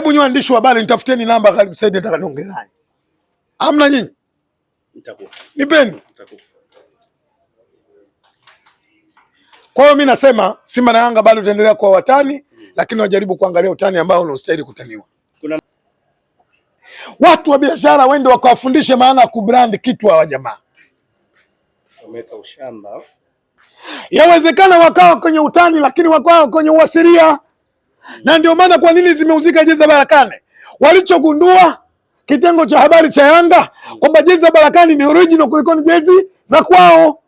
Hebu nywe waandishi wa habari nitafuteni namba Ghalib Said, nataka niongee naye. Hamna nyinyi, nipeni. Kwa hiyo mi nasema Simba na Yanga bado itaendelea kuwa watani, lakini wajaribu kuangalia utani ambao unaostahili kutaniwa. Kuna... watu wa biashara wende wakawafundishe maana ya kubrand kitu hawa jamaa. Yawezekana wakawa kwenye utani, lakini wakawa kwenye uasiria na ndio maana kwa nini zimeuzika jezi za Barakani. Walichogundua kitengo cha habari cha Yanga kwamba jezi za Barakani ni original kuliko ni jezi za kwao.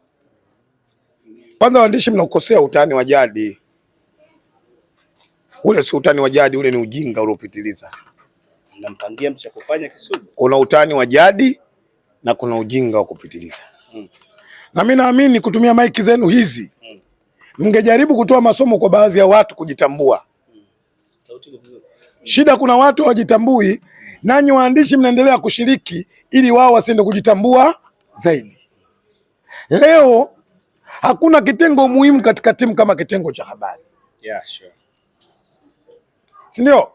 Kwanza waandishi, mnakosea utani wa jadi. Ule si utani wa jadi, ule ni ujinga uliopitiliza. Nampangia mcha kufanya kisugu. Kuna utani wa jadi na kuna ujinga wa kupitiliza hmm. Na mimi naamini kutumia maiki zenu hizi hmm. mngejaribu kutoa masomo kwa baadhi ya watu kujitambua Shida kuna watu hawajitambui, nanyi waandishi mnaendelea kushiriki ili wao wasiende kujitambua zaidi. Leo hakuna kitengo muhimu katika timu kama kitengo cha habari yeah, sure. si ndio?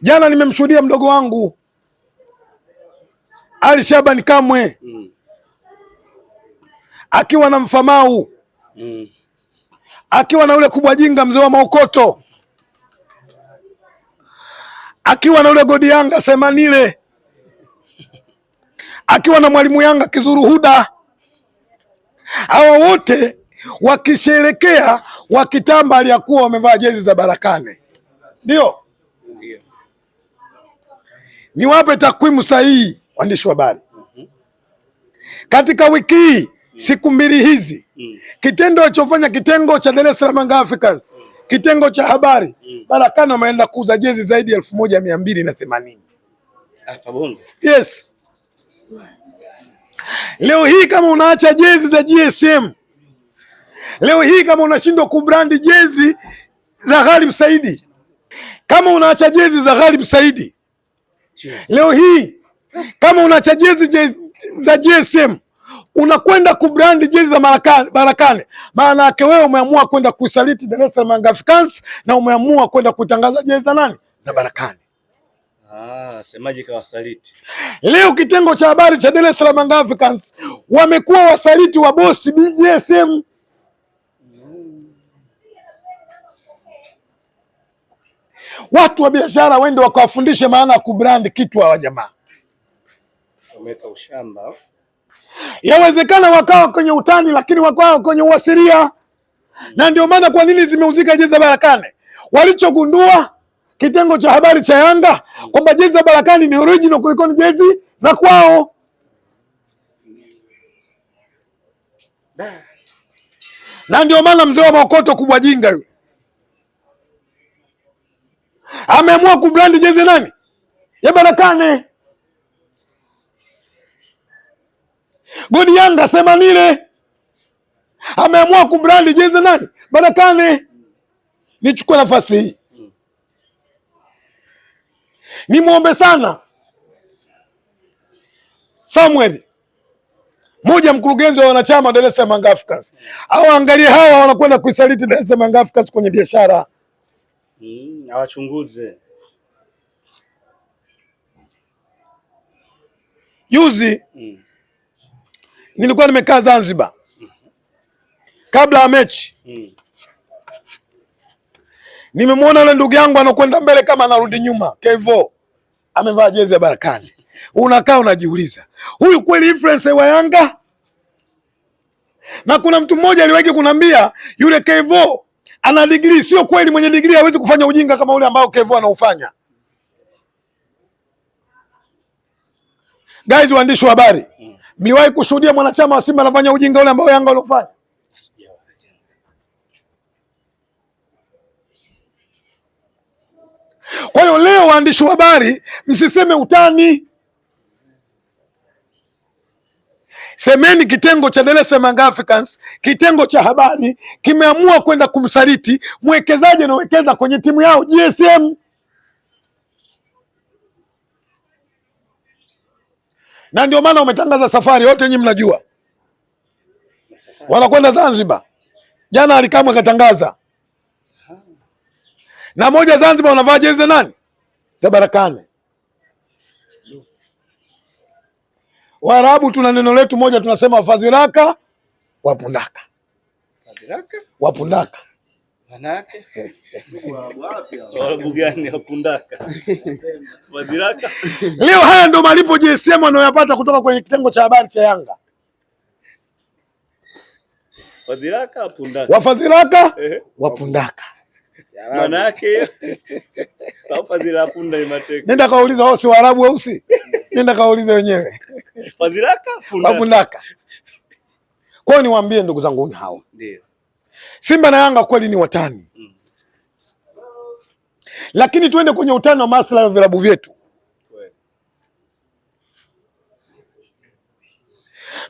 Jana nimemshuhudia mdogo wangu Ali Shaban Kamwe mm. akiwa na Mfamau mm akiwa na ule kubwa jinga mzee wa Maokoto, akiwa na ule godi Yanga Semanile, akiwa na mwalimu Yanga Kizuruhuda, hawa wote wakisherekea wakitamba, aliyakuwa wamevaa jezi za Barakane. Ndio niwape takwimu sahihi, waandishi wa habari, katika wiki hii Mm. siku mbili hizi mm. kitendo alichofanya kitengo cha Dar es Salaam Young Africans mm. kitengo cha habari Barakano ameenda kuuza jezi zaidi ya elfu moja mia mbili na themanini. Ah, yes. Leo hii kama unaacha jezi za GSM, leo hii kama unashindwa kubrandi jezi za Ghalib Saidi, kama unaacha jezi za Ghalib Saidi leo hii, kama unaacha jezi za GSM unakwenda kubrandi jezi za Barakane, maana yake wewe umeamua kwenda kusaliti Dar es Salaam Africans na umeamua kwenda kutangaza jezi za nani za Barakane. Ah, semaji Leo kitengo cha habari cha Dar es Salaam Africans wamekuwa wasaliti wa bosi BJSM. Watu wa biashara wende wakawafundishe maana ya kubrandi kitu wa jamaa. Wameka ushamba. Yawezekana wakawa kwenye utani, lakini wakawa kwenye uasiria, na ndio maana kwa nini zimeuzika jezi za Barakani. Walichogundua kitengo cha habari cha Yanga kwamba jezi za Barakani ni original kuliko ni jezi za kwao. Na ndio maana mzee wa maokoto kubwa jinga yule ameamua kubrandi jezi nani ya Barakani. Godi Yanga nile ameamua kubrandi jezi nani Barakane. Nichukue nafasi hii nimwombe sana Samuel moja mkurugenzi wa wanachama Dar es Salaam Young Africans, au angalie hawa wanakwenda kuisaliti Dar es Salaam Young Africans kwenye biashara mm, awachunguze. Juzi mm nilikuwa nimekaa Zanzibar kabla ya mechi mm. Nimemwona yule ndugu yangu anakwenda mbele kama anarudi nyuma, Kevo amevaa jezi ya Barakani. Unakaa unajiuliza huyu kweli influencer wa Yanga? Na kuna mtu mmoja aliwahi kunambia yule Kevo ana degree. Sio kweli, mwenye degree hawezi kufanya ujinga kama ule ambao Kevo anaufanya. Guys, waandishi wa habari mm. Mliwahi kushuhudia mwanachama wa Simba anafanya ujinga ule ambao Yanga waliofanya? Kwa hiyo leo, waandishi wa habari, msiseme utani, semeni kitengo cha Dar es Salaam Africans, kitengo cha habari kimeamua kwenda kumsaliti mwekezaji anawekeza kwenye timu yao GSM. na ndio maana umetangaza safari, yote nyinyi mnajua wanakwenda Zanzibar. Jana Alikamwe katangaza na moja Zanzibar, wanavaa jezi za nani? Za Barakane. Waarabu tuna neno letu moja, tunasema fadhiraka wapundaka, wapundaka Manake wabugani wapundaka wadiraka. Leo haya ndo malipo JSM wanayoyapata kutoka kwenye kitengo cha habari cha Yanga, wadiraka wapundaka, wafadhiraka wapundaka. Manake wafadhila punda ni mateka. Nenda kauliza wao si Waarabu si nenda kauliza wenyewe wadiraka wapundaka. kwao niwaambie ndugu zangu hao ndio Simba na Yanga kweli ni watani mm. Lakini tuende kwenye utani wa maslahi ya vilabu vyetu,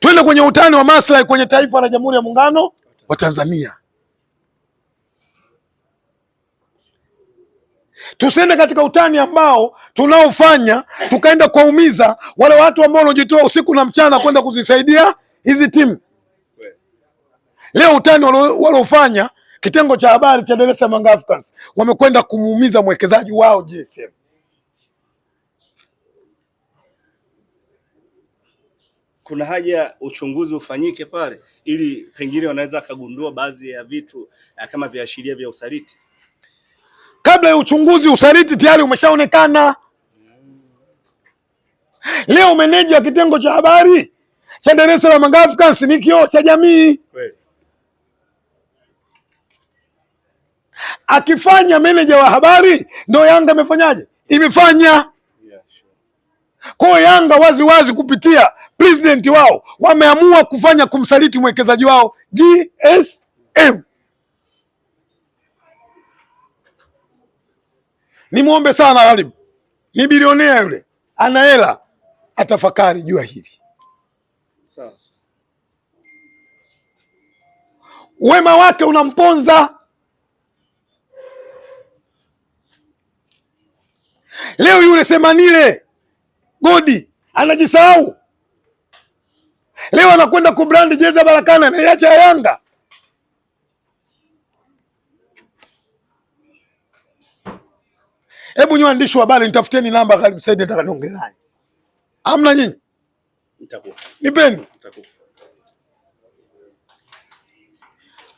tuende kwenye utani wa maslahi kwenye taifa la Jamhuri ya Muungano wa Tanzania. Tusiende katika utani ambao tunaofanya tukaenda kuwaumiza wale watu ambao wanaojitoa usiku na mchana kwenda kuzisaidia hizi timu. Leo utani walofanya kitengo cha habari cha Dar es Salaam Africans wamekwenda kumuumiza mwekezaji wao JSM. Kuna haja uchunguzi ufanyike pale, ili pengine wanaweza akagundua baadhi ya vitu eh, kama viashiria vya usaliti. Kabla ya uchunguzi, usaliti tayari umeshaonekana. Leo meneja wa kitengo cha habari cha Dar es Salaam Africans ni kioo cha jamii kweli. akifanya meneja wa habari ndo Yanga amefanyaje? Imefanya kwao Yanga wazi wazi kupitia presidenti wao wameamua kufanya kumsaliti mwekezaji wao GSM. Nimwombe sana Ghalib, ni bilionea yule, ana hela, atafakari jua hili sasa. Wema wake unamponza Leo yule Semanile Godi anajisahau, leo anakwenda kubrandi jezi ya Barakana anaiacha ya Yanga. Hebu nyi waandishi wa habari nitafuteni namba Ghalib Said nataka niongee naye. nyinyi? Nipeni.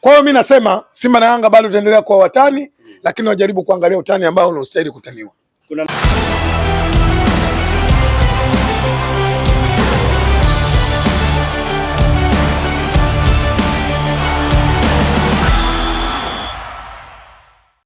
Kwa hiyo mi nasema Simba na Yanga bado utaendelea kuwa watani, lakini wajaribu kuangalia utani ambao unaostahili kutaniwa.